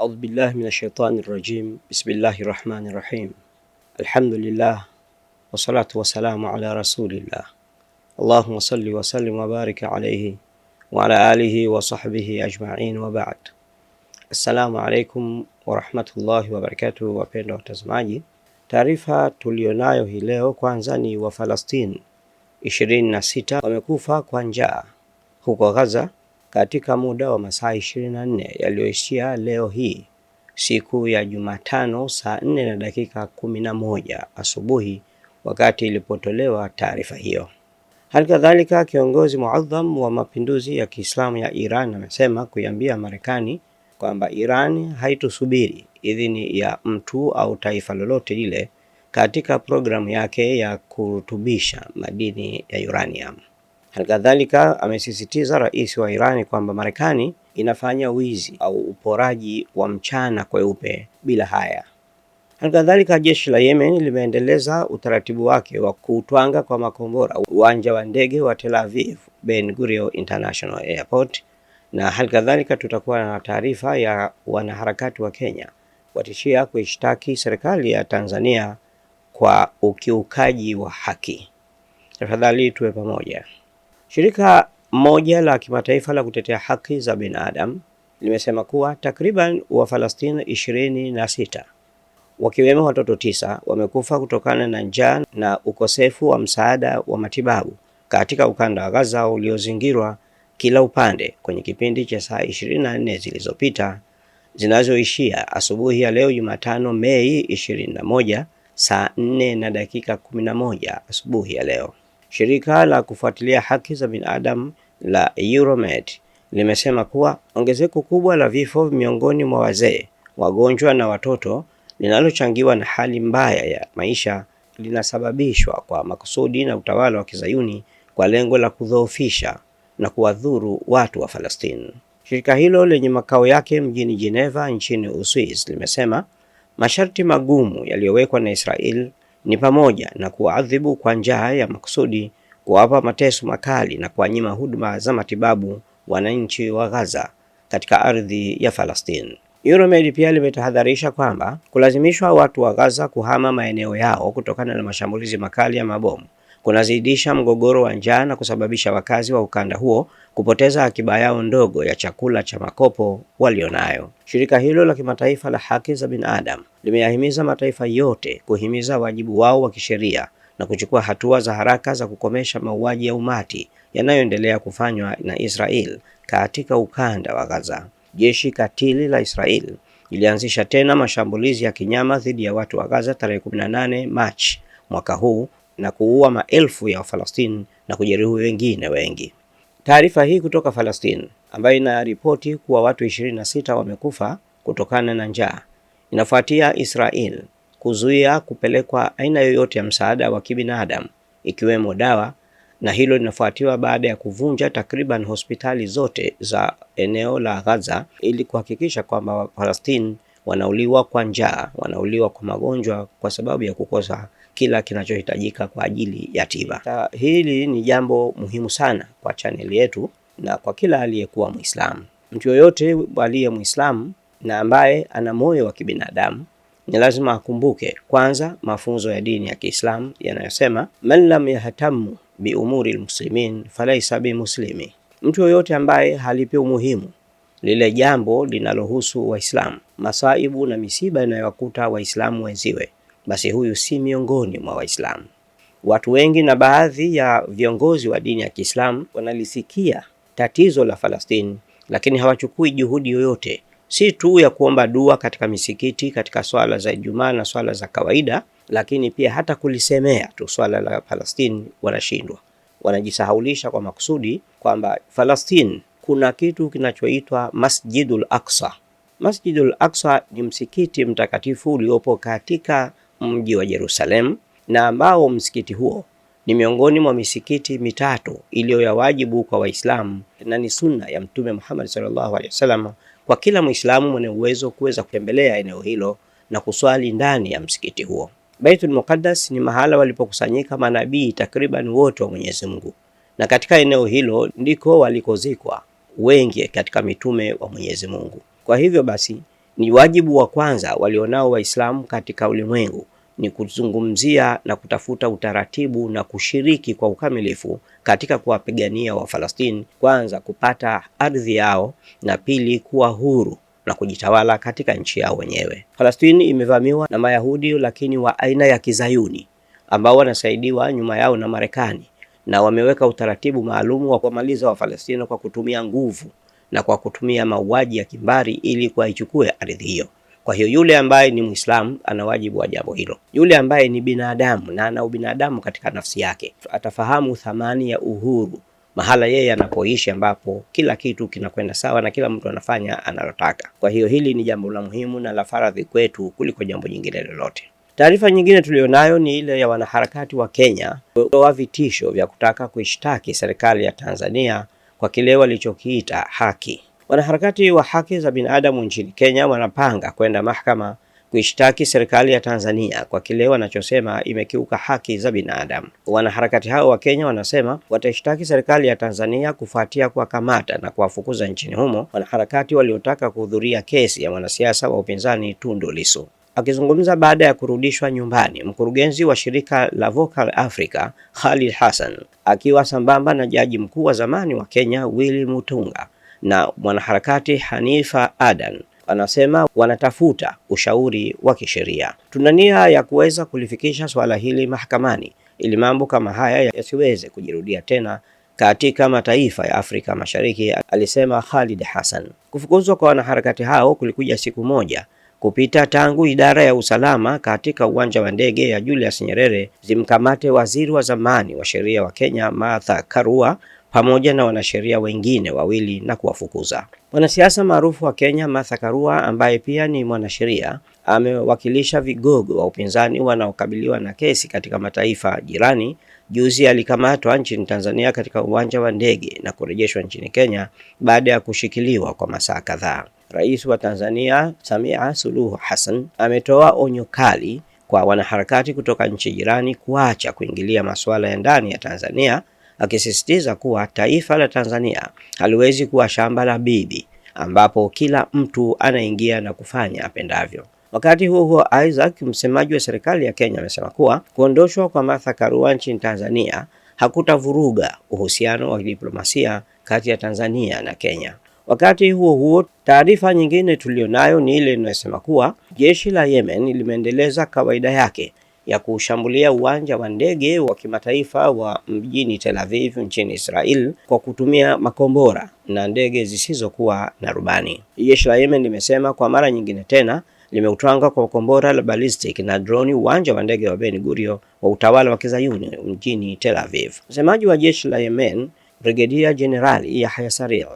أعوذ بالله من الشيطان الرجيم بسم الله الرحمن الرحيم الحمد لله والصلاة والسلام على رسول الله اللهم صل وسلم وبارك عليه وعلى آله وصحبه أجمعين وبعد السلام عليكم ورحمة الله وبركاته وبركاته watazamaji taarifa tulionayo hii leo kwanza ni Wafalastini 26 wamekufa kwa njaa huko Gaza katika muda wa masaa 24 yaliyoishia leo hii siku ya Jumatano saa 4 na dakika kumi na moja asubuhi wakati ilipotolewa taarifa hiyo. Hali kadhalika kiongozi muadham wa mapinduzi ya Kiislamu ya Iran amesema kuiambia Marekani kwamba Iran haitusubiri idhini ya mtu au taifa lolote lile katika programu yake ya kurutubisha madini ya uranium. Halikadhalika amesisitiza rais wa Irani kwamba Marekani inafanya wizi au uporaji wa mchana kweupe bila haya. Halikadhalika jeshi la Yemen limeendeleza utaratibu wake wa kutwanga kwa makombora uwanja wa ndege wa Tel Aviv Ben Gurion International Airport, na halikadhalika tutakuwa na taarifa ya wanaharakati wa Kenya watishia kuishtaki serikali ya Tanzania kwa ukiukaji wa haki. Tafadhali tuwe pamoja. Shirika moja la kimataifa la kutetea haki za binadamu limesema kuwa takriban Wafalastini ishirini na sita wakiwemo watoto tisa wamekufa kutokana na njaa na ukosefu wa msaada wa matibabu katika ukanda wa Gaza uliozingirwa kila upande kwenye kipindi cha saa 24 zilizopita zinazoishia asubuhi ya leo Jumatano Mei 21 saa 4 na dakika 11 asubuhi ya leo. Shirika la kufuatilia haki za binadamu la Euromed limesema kuwa ongezeko kubwa la vifo miongoni mwa wazee, wagonjwa na watoto linalochangiwa na hali mbaya ya maisha linasababishwa kwa makusudi na utawala wa Kizayuni kwa lengo la kudhoofisha na kuwadhuru watu wa Palestina. Shirika hilo lenye makao yake mjini Geneva nchini Uswisi limesema masharti magumu yaliyowekwa na Israel ni pamoja na kuwaadhibu kwa njaa ya makusudi, kuwapa mateso makali na kuwanyima huduma za matibabu wananchi wa Gaza katika ardhi ya Palestine. Euromed pia limetahadharisha kwamba kulazimishwa watu wa Gaza kuhama maeneo yao kutokana na mashambulizi makali ya mabomu kunazidisha mgogoro wa njaa na kusababisha wakazi wa ukanda huo kupoteza akiba yao ndogo ya chakula cha makopo walionayo. Shirika hilo la kimataifa la haki za binadamu limeyahimiza mataifa yote kuhimiza wajibu wao wa kisheria na kuchukua hatua za haraka za kukomesha mauaji ya umati yanayoendelea kufanywa na Israel katika ukanda wa Gaza. Jeshi katili la Israel ilianzisha tena mashambulizi ya kinyama dhidi ya watu wa Gaza tarehe 18 Machi mwaka huu na kuua maelfu ya Wafalastini na kujeruhi wengine wengi. Taarifa hii kutoka Falastini ambayo inaripoti kuwa watu 26 wamekufa kutokana na njaa inafuatia Israel kuzuia kupelekwa aina yoyote ya msaada wa kibinadamu ikiwemo dawa, na hilo linafuatiwa baada ya kuvunja takriban hospitali zote za eneo la Gaza ili kuhakikisha kwamba wafalastini wanauliwa kwa njaa, wanauliwa kwa magonjwa kwa sababu ya kukosa kila kinachohitajika kwa ajili ya tiba. Hili ni jambo muhimu sana kwa chaneli yetu na kwa kila aliyekuwa Muislamu. Mtu yoyote aliye Muislamu na ambaye ana moyo wa kibinadamu ni lazima akumbuke kwanza mafunzo ya dini ya Kiislamu yanayosema man lam yahtamu bi umuri lmuslimin falaisa bimuslimi, mtu yoyote ambaye halipi umuhimu lile jambo linalohusu Waislamu, masaibu na misiba inayowakuta Waislamu wenziwe basi huyu si miongoni mwa Waislamu. Watu wengi na baadhi ya viongozi wa dini ya Kiislamu wanalisikia tatizo la Falastini, lakini hawachukui juhudi yoyote, si tu ya kuomba dua katika misikiti, katika swala za Ijumaa na swala za kawaida, lakini pia hata kulisemea tu swala la Falastini wanashindwa. Wanajisahaulisha kwa makusudi kwamba Falastini kuna kitu kinachoitwa Masjidul Aqsa. Masjidul Aqsa ni msikiti mtakatifu uliopo katika mji wa Yerusalemu na ambao msikiti huo ni miongoni mwa misikiti mitatu iliyo ya wajibu kwa Waislamu na ni sunna ya Mtume Muhammad sallallahu alaihi wasallam kwa kila Mwislamu mwenye uwezo kuweza kutembelea eneo hilo na kuswali ndani ya msikiti huo. Baitul Muqaddas ni mahala walipokusanyika manabii takriban wote wa Mwenyezi Mungu, na katika eneo hilo ndiko walikozikwa wengi katika mitume wa Mwenyezi Mungu. Kwa hivyo basi ni wajibu wa kwanza walionao Waislamu katika ulimwengu ni kuzungumzia na kutafuta utaratibu na kushiriki kwa ukamilifu katika kuwapigania Wafalastini, kwanza kupata ardhi yao na pili kuwa huru na kujitawala katika nchi yao wenyewe. Falastini imevamiwa na Mayahudi lakini wa aina ya Kizayuni ambao wanasaidiwa nyuma yao na Marekani na wameweka utaratibu maalumu wa kuwamaliza Wafalastini kwa kutumia nguvu na kwa kutumia mauaji ya kimbari ili kuichukue ardhi hiyo. Kwa hiyo yule ambaye ni Muislamu ana wajibu wa jambo hilo. Yule ambaye ni binadamu na ana ubinadamu katika nafsi yake atafahamu thamani ya uhuru mahala yeye anapoishi, ambapo kila kitu kinakwenda sawa na kila mtu anafanya analotaka. Kwa hiyo hili ni jambo la muhimu na la faradhi kwetu kuliko jambo jingine lolote. Taarifa nyingine tuliyonayo ni ile ya wanaharakati wa Kenya kutoa vitisho vya kutaka kuishtaki serikali ya Tanzania kwa kile walichokiita haki. Wanaharakati wa haki za binadamu nchini Kenya wanapanga kwenda mahakama kuishtaki serikali ya Tanzania kwa kile wanachosema imekiuka haki za binadamu. Wanaharakati hao wa Kenya wanasema wataishtaki serikali ya Tanzania kufuatia kuwakamata na kuwafukuza nchini humo wanaharakati waliotaka kuhudhuria kesi ya mwanasiasa wa upinzani Tundu Lissu. Akizungumza baada ya kurudishwa nyumbani, mkurugenzi wa shirika la Vocal Africa Khalil Hassan akiwa sambamba na jaji mkuu wa zamani wa Kenya Willy Mutunga na mwanaharakati Hanifa Adan anasema wanatafuta ushauri wa kisheria. Tuna nia ya kuweza kulifikisha swala hili mahakamani ili mambo kama haya yasiweze kujirudia tena katika mataifa ya Afrika Mashariki, alisema Khalid Hassan. Kufukuzwa kwa wanaharakati hao kulikuja siku moja kupita tangu idara ya usalama katika uwanja wa ndege ya Julius Nyerere zimkamate waziri wa zamani wa sheria wa Kenya Martha Karua pamoja na wanasheria wengine wawili na kuwafukuza. Mwanasiasa maarufu wa Kenya Martha Karua ambaye pia ni mwanasheria amewakilisha vigogo wa upinzani wanaokabiliwa na kesi katika mataifa jirani. Juzi alikamatwa nchini Tanzania katika uwanja wa ndege na kurejeshwa nchini Kenya baada ya kushikiliwa kwa masaa kadhaa. Rais wa Tanzania Samia Suluhu Hassan ametoa onyo kali kwa wanaharakati kutoka nchi jirani kuacha kuingilia masuala ya ndani ya Tanzania akisisitiza kuwa taifa la Tanzania haliwezi kuwa shamba la bibi ambapo kila mtu anaingia na kufanya apendavyo. Wakati huo huo, Isaac, msemaji wa serikali ya Kenya, amesema kuwa kuondoshwa kwa Martha Karua nchini Tanzania hakutavuruga uhusiano wa diplomasia kati ya Tanzania na Kenya. Wakati huo huo, taarifa nyingine tuliyonayo ni ile inayosema kuwa jeshi la Yemen limeendeleza kawaida yake ya kushambulia uwanja wa ndege wa kimataifa wa mjini Tel Aviv nchini Israel kwa kutumia makombora na ndege zisizokuwa na rubani. Jeshi la Yemen limesema kwa mara nyingine tena limeutwanga kwa kombora la ballistic na droni uwanja wa ndege wa Ben Gurion wa utawala wa Kizayuni mjini Tel Aviv. Msemaji wa jeshi la Yemen, Brigedia Jenerali Yahya Saree,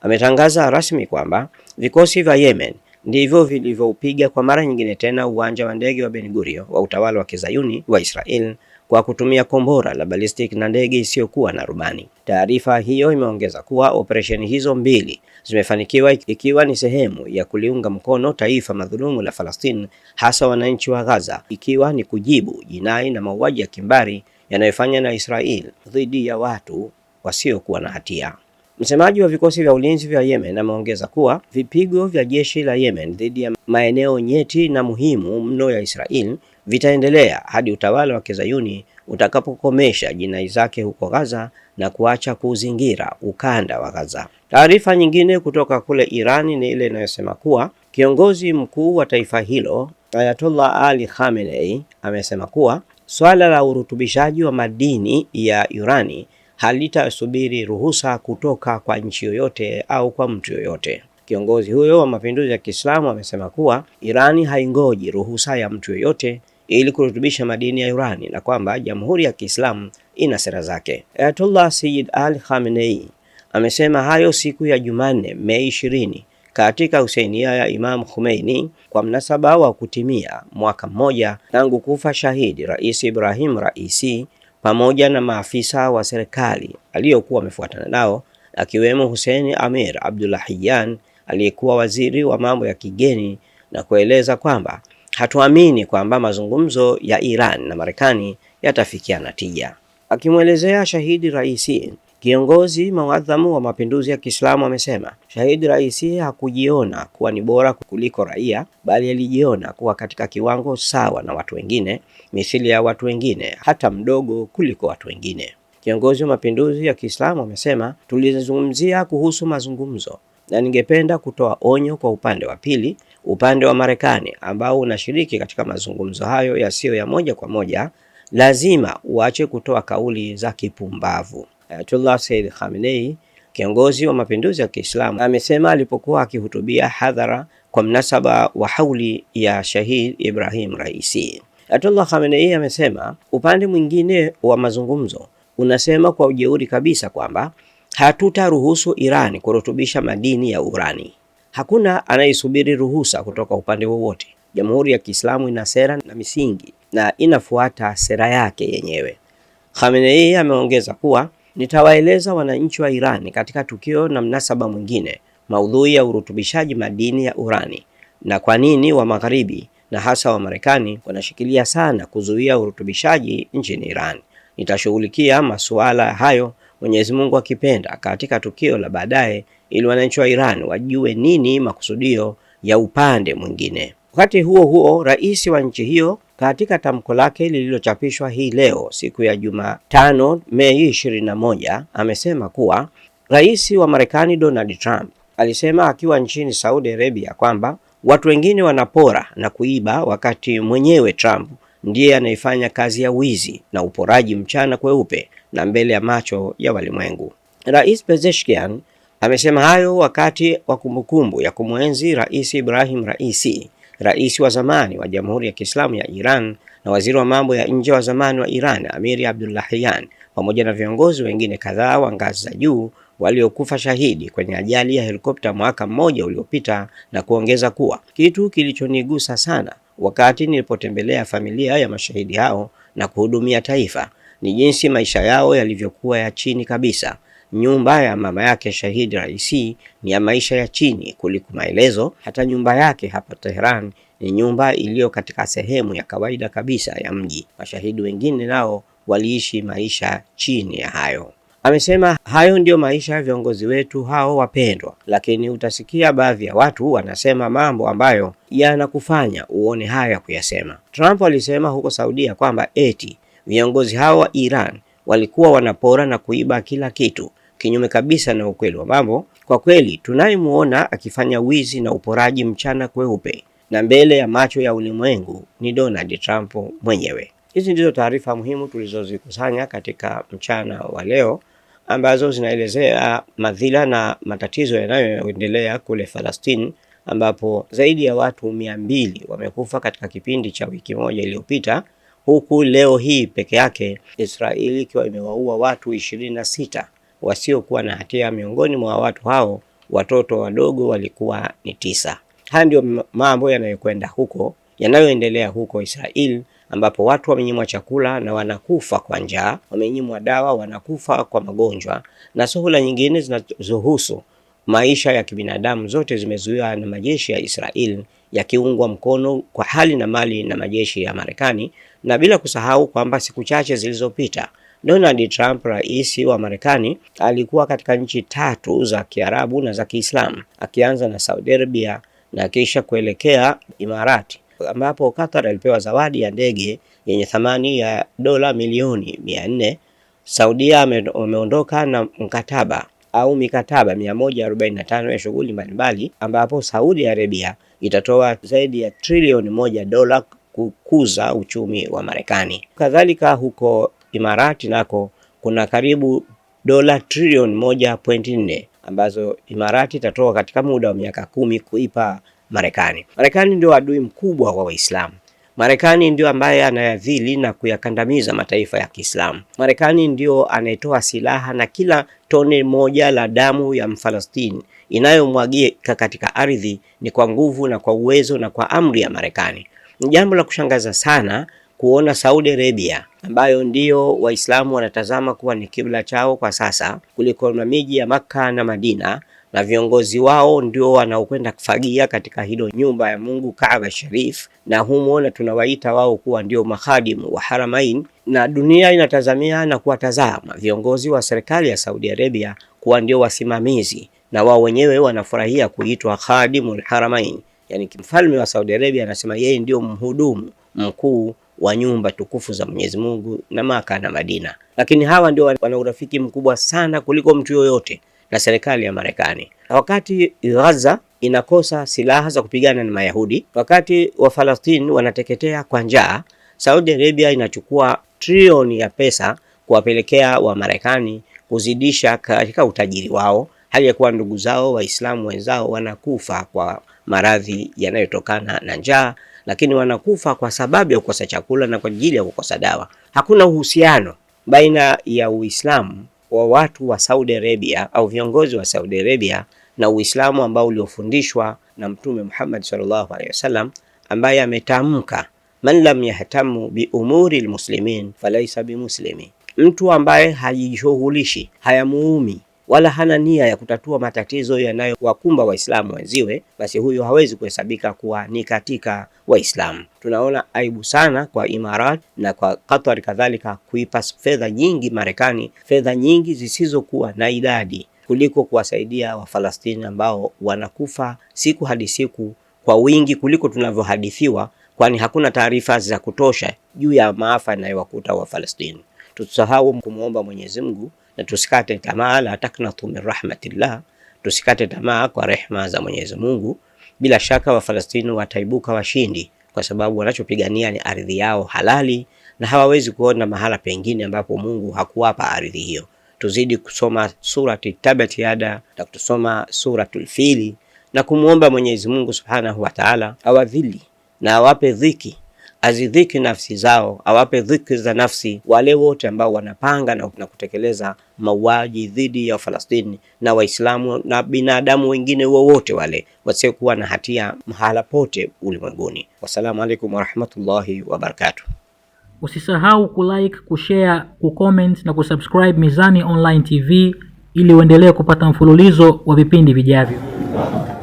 ametangaza rasmi kwamba vikosi vya Yemen ndivyo vilivyoupiga kwa mara nyingine tena uwanja wa ndege wa Ben Gurion wa utawala wa kizayuni wa Israel kwa kutumia kombora la ballistic na ndege isiyokuwa na rubani. Taarifa hiyo imeongeza kuwa operesheni hizo mbili zimefanikiwa ikiwa ni sehemu ya kuliunga mkono taifa madhulumu la Palestina, hasa wananchi wa Gaza, ikiwa ni kujibu jinai na mauaji ya kimbari yanayofanywa na Israel dhidi ya watu wasiokuwa na hatia. Msemaji wa vikosi vya ulinzi vya Yemen ameongeza kuwa vipigo vya jeshi la Yemen dhidi ya maeneo nyeti na muhimu mno ya Israel vitaendelea hadi utawala wa Kizayuni utakapokomesha jinai zake huko Gaza na kuacha kuzingira ukanda wa Gaza. Taarifa nyingine kutoka kule Irani ni ile inayosema kuwa kiongozi mkuu wa taifa hilo Ayatollah Ali Khamenei amesema kuwa swala la urutubishaji wa madini ya urani halitasubiri ruhusa kutoka kwa nchi yoyote au kwa mtu yoyote. Kiongozi huyo wa mapinduzi ya Kiislamu amesema kuwa Irani haingoji ruhusa ya mtu yoyote ili kurutubisha madini ya urani na kwamba Jamhuri ya Kiislamu ina sera zake. Ayatollah Sayyid Ali Khamenei amesema hayo siku ya Jumanne, Mei 20 katika huseinia ya Imam Khomeini kwa mnasaba wa kutimia mwaka mmoja tangu kufa shahidi Rais Ibrahim Raisi pamoja na maafisa wa serikali aliyokuwa amefuatana nao akiwemo Hussein Amir Abdullahian aliyekuwa waziri wa mambo ya kigeni na kueleza kwamba hatuamini kwamba mazungumzo ya Iran na Marekani yatafikia natija. Akimwelezea shahidi Raisi Kiongozi mwadhamu wa mapinduzi ya Kiislamu amesema Shahidi Raisi hakujiona kuwa ni bora kuliko raia, bali alijiona kuwa katika kiwango sawa na watu wengine, mithili ya watu wengine, hata mdogo kuliko watu wengine. Kiongozi wa mapinduzi ya Kiislamu amesema tulizungumzia kuhusu mazungumzo, na ningependa kutoa onyo kwa upande wa pili, upande wa Marekani ambao unashiriki katika mazungumzo hayo yasiyo ya moja kwa moja, lazima uache kutoa kauli za kipumbavu. Ayatullah Said Khamenei, kiongozi wa mapinduzi ya Kiislamu, amesema alipokuwa akihutubia hadhara kwa mnasaba wa hauli ya Shahid Ibrahim Raisi. Ayatullah Khamenei amesema upande mwingine wa mazungumzo unasema kwa ujeuri kabisa kwamba hatutaruhusu Irani kurutubisha madini ya urani. Hakuna anayesubiri ruhusa kutoka upande wowote. Jamhuri ya Kiislamu ina sera na misingi na inafuata sera yake yenyewe. Khamenei ameongeza kuwa Nitawaeleza wananchi wa Iran katika tukio na mnasaba mwingine maudhui ya urutubishaji madini ya urani na kwa nini wa Magharibi na hasa wa Marekani wanashikilia sana kuzuia urutubishaji nchini Iran. Nitashughulikia masuala hayo Mwenyezi Mungu akipenda katika tukio la baadaye ili wananchi wa Iran wajue nini makusudio ya upande mwingine. Wakati huo huo, rais wa nchi hiyo katika tamko lake lililochapishwa hii leo siku ya Jumatano Mei 21, amesema kuwa Rais wa Marekani Donald Trump alisema akiwa nchini Saudi Arabia kwamba watu wengine wanapora na kuiba wakati mwenyewe Trump ndiye anayefanya kazi ya wizi na uporaji mchana kweupe na mbele ya macho ya walimwengu. Rais Pezeshkian amesema hayo wakati wa kumbukumbu ya kumwenzi Rais Ibrahim Raisi rais wa zamani wa Jamhuri ya Kiislamu ya Iran na waziri wa mambo ya nje wa zamani wa Iran Amiri Abdullahian pamoja na viongozi wengine kadhaa wa ngazi za juu waliokufa shahidi kwenye ajali ya helikopta mwaka mmoja uliopita, na kuongeza kuwa kitu kilichonigusa sana wakati nilipotembelea familia ya mashahidi hao na kuhudumia taifa ni jinsi maisha yao yalivyokuwa ya chini kabisa Nyumba ya mama yake Shahidi Raisi ni ya maisha ya chini kuliko maelezo. Hata nyumba yake hapa Tehran ni nyumba iliyo katika sehemu ya kawaida kabisa ya mji. Mashahidi wengine nao waliishi maisha chini ya hayo. Amesema hayo ndiyo maisha ya viongozi wetu hao wapendwa, lakini utasikia baadhi ya watu wanasema mambo ambayo yanakufanya uone haya kuyasema. Trump alisema huko Saudia kwamba eti viongozi hao wa Iran walikuwa wanapora na kuiba kila kitu, kinyume kabisa na ukweli wa mambo. Kwa kweli tunayemuona akifanya wizi na uporaji mchana kweupe na mbele ya macho ya ulimwengu ni Donald Trump mwenyewe. Hizi ndizo taarifa muhimu tulizozikusanya katika mchana wa leo ambazo zinaelezea madhila na matatizo yanayoendelea kule Falastini ambapo zaidi ya watu mia mbili wamekufa katika kipindi cha wiki moja iliyopita huku leo hii peke yake Israeli ikiwa imewaua watu ishirini na sita wasiokuwa na hatia. Miongoni mwa watu hao watoto wadogo walikuwa ni tisa. Haya ndiyo mambo yanayokwenda huko, yanayoendelea huko Israeli, ambapo watu wamenyimwa chakula na wanakufa kwa njaa, wamenyimwa dawa, wanakufa kwa magonjwa na suhula nyingine zinazohusu maisha ya kibinadamu, zote zimezuiwa na majeshi ya Israeli yakiungwa mkono kwa hali na mali na majeshi ya Marekani, na bila kusahau kwamba siku chache zilizopita Donald Trump, rais wa Marekani, alikuwa katika nchi tatu za Kiarabu na za Kiislamu, akianza na Saudi Arabia na kisha kuelekea Imarati, ambapo Qatar alipewa zawadi ya ndege yenye thamani ya dola milioni mia nne. Saudia ameondoka na mkataba au mikataba 145 ya shughuli mbalimbali, ambapo Saudi Arabia itatoa zaidi ya trilioni moja dola kukuza uchumi wa Marekani. Kadhalika huko Imarati nako kuna karibu dola trilioni moja pointi nne ambazo Imarati itatoa katika muda wa miaka kumi kuipa Marekani. Marekani ndio adui mkubwa wa Waislamu. Marekani ndio ambaye anayadhili na kuyakandamiza mataifa ya Kiislamu. Marekani ndio anayetoa silaha na kila tone moja la damu ya Mfalastini inayomwagika katika ardhi ni kwa nguvu na kwa uwezo na kwa amri ya Marekani. Ni jambo la kushangaza sana kuona Saudi Arabia ambayo ndiyo Waislamu wanatazama kuwa ni kibla chao kwa sasa kuliko na miji ya Makka na Madina na viongozi wao ndio wanaokwenda kufagia katika hilo nyumba ya Mungu Kaaba Sharif, na humona tunawaita wao kuwa ndio mahadimu wa Haramain, na dunia inatazamia na kuwatazama viongozi wa serikali ya Saudi Arabia kuwa ndio wasimamizi, na wao wenyewe wanafurahia kuitwa khadimul Haramain. Yani, mfalme wa Saudi Arabia anasema yeye ndio mhudumu mkuu wa nyumba tukufu za Mwenyezi Mungu na Maka na Madina, lakini hawa ndio wana urafiki mkubwa sana kuliko mtu yoyote na serikali ya Marekani. Wakati Gaza inakosa silaha za kupigana na Mayahudi, wakati wa Falastini wanateketea kwa njaa, Saudi Arabia inachukua trilioni ya pesa kuwapelekea Wamarekani kuzidisha katika utajiri wao, hali ya kuwa ndugu zao Waislamu wenzao wanakufa kwa maradhi yanayotokana na njaa, lakini wanakufa kwa sababu ya kukosa chakula na kwa ajili ya kukosa dawa. Hakuna uhusiano baina ya Uislamu wa watu wa Saudi Arabia au viongozi wa Saudi Arabia na Uislamu ambao uliofundishwa na Mtume Muhammad sallallahu alaihi wasallam ambaye ametamka man lam yahtamu bi umuri almuslimin falaisa bimuslimi, mtu ambaye hajishughulishi hayamuumi wala hana nia ya kutatua matatizo yanayowakumba Waislamu wenziwe, basi huyu hawezi kuhesabika kuwa ni katika Waislamu. Tunaona aibu sana kwa Imarat na kwa Qatar kadhalika kuipa fedha nyingi Marekani, fedha nyingi zisizokuwa na idadi kuliko kuwasaidia Wafalastini ambao wanakufa siku hadi siku kwa wingi kuliko tunavyohadithiwa, kwani hakuna taarifa za kutosha juu ya maafa yanayowakuta Wafalastini. Tusahau kumwomba Mwenyezi Mungu na tusikate tamaa, la taknatu min rahmatillah, tusikate tamaa kwa rehma za Mwenyezi Mungu. Bila shaka Wafalastini wataibuka washindi, kwa sababu wanachopigania ni ardhi yao halali na hawawezi kuona mahala pengine ambapo Mungu hakuwapa ardhi hiyo. Tuzidi kusoma surati Tabat Yada na kutusoma suratul Fili na kumwomba Mwenyezi Mungu Subhanahu wa Ta'ala awadhili na awape dhiki azidhiki nafsi zao, awape dhikri za nafsi wale wote ambao wanapanga na, na kutekeleza mauaji dhidi ya Wafalastini na Waislamu na binadamu wengine wowote wale wasiokuwa na hatia mahala pote ulimwenguni. Wassalamu alaikum warahmatullahi wabarakatuh. Usisahau kulike, kushare, kucomment na kusubscribe Mizani Online TV ili uendelee kupata mfululizo wa vipindi vijavyo.